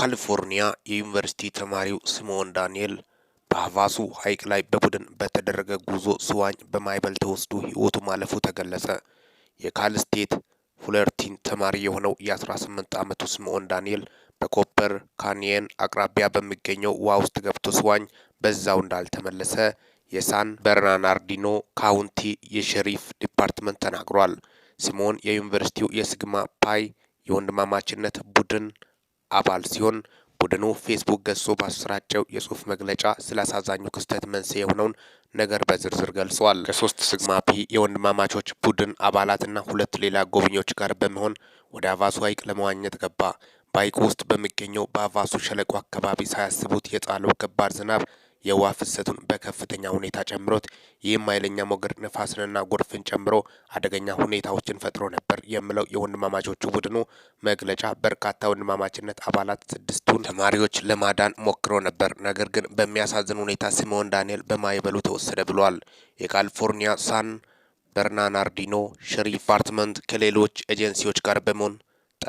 የካሊፎርኒያ የዩኒቨርሲቲ ተማሪው ስምዖን ዳንኤል በሀቫሱ ሐይቅ ላይ በቡድን በተደረገ ጉዞ ስዋኝ በማዕበል ተወስዶ ሕይወቱ ማለፉ ተገለጸ። የካል ስቴት ፉለርቲን ተማሪ የሆነው የ18 ዓመቱ ስምዖን ዳንኤል በኮፐር ካኒየን አቅራቢያ በሚገኘው ውሃ ውስጥ ገብቶ ስዋኝ በዛው እንዳልተመለሰ የሳን በርናርዲኖ ካውንቲ የሸሪፍ ዲፓርትመንት ተናግሯል። ስምዖን የዩኒቨርሲቲው የስግማ ፓይ የወንድማማችነት ቡድን አባል ሲሆን ቡድኑ ፌስቡክ ገጾ ባሰራጨው የጽሁፍ መግለጫ ስለ አሳዛኙ ክስተት መንስኤ የሆነውን ነገር በዝርዝር ገልጸዋል። ከሶስት ስግማ ፒ የወንድማማቾች ቡድን አባላትና ሁለት ሌላ ጎብኚዎች ጋር በመሆን ወደ አቫሱ ሐይቅ ለመዋኘት ገባ። በሐይቁ ውስጥ በሚገኘው በአቫሱ ሸለቆ አካባቢ ሳያስቡት የጣለው ከባድ ዝናብ የውሃ ፍሰቱን በከፍተኛ ሁኔታ ጨምሮት ይህም ኃይለኛ ሞገድ ነፋስንና ጎርፍን ጨምሮ አደገኛ ሁኔታዎችን ፈጥሮ ነበር የሚለው የወንድማማቾቹ ቡድኑ መግለጫ በርካታ ወንድማማችነት አባላት ስድስቱን ተማሪዎች ለማዳን ሞክሮ ነበር፣ ነገር ግን በሚያሳዝን ሁኔታ ሲሞን ዳንኤል በማይበሉ ተወሰደ ብሏል። የካሊፎርኒያ ሳን በርናናርዲኖ ሸሪፍ ፓርትመንት ከሌሎች ኤጀንሲዎች ጋር በመሆን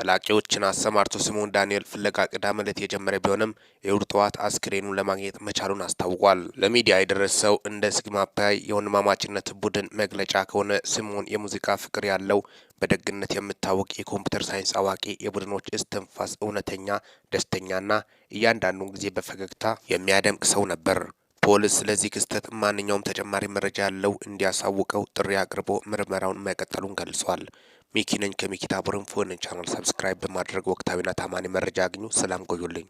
ጠላቂዎችን አሰማርቶ ስሙን ዳንኤል ፍለጋ ቅዳሜ ዕለት የጀመረ ቢሆንም እሁድ ጠዋት አስክሬኑን ለማግኘት መቻሉን አስታውቋል። ለሚዲያ የደረሰው እንደ ስግማፓይ የወንድማማችነት ቡድን መግለጫ ከሆነ ስሙን የሙዚቃ ፍቅር ያለው በደግነት የምታወቅ የኮምፒውተር ሳይንስ አዋቂ፣ የቡድኖች እስትንፋስ፣ እውነተኛ፣ ደስተኛና እያንዳንዱን ጊዜ በፈገግታ የሚያደምቅ ሰው ነበር። ፖሊስ ስለዚህ ክስተት ማንኛውም ተጨማሪ መረጃ ያለው እንዲያሳውቀው ጥሪ አቅርቦ ምርመራውን መቀጠሉን ገልጿል። ሚኪ ነኝ ከሚኪታ ቦረንፎ። ቻናል ሰብስክራይብ በማድረግ ወቅታዊና ታማኒ መረጃ አግኙ። ሰላም ቆዩልኝ።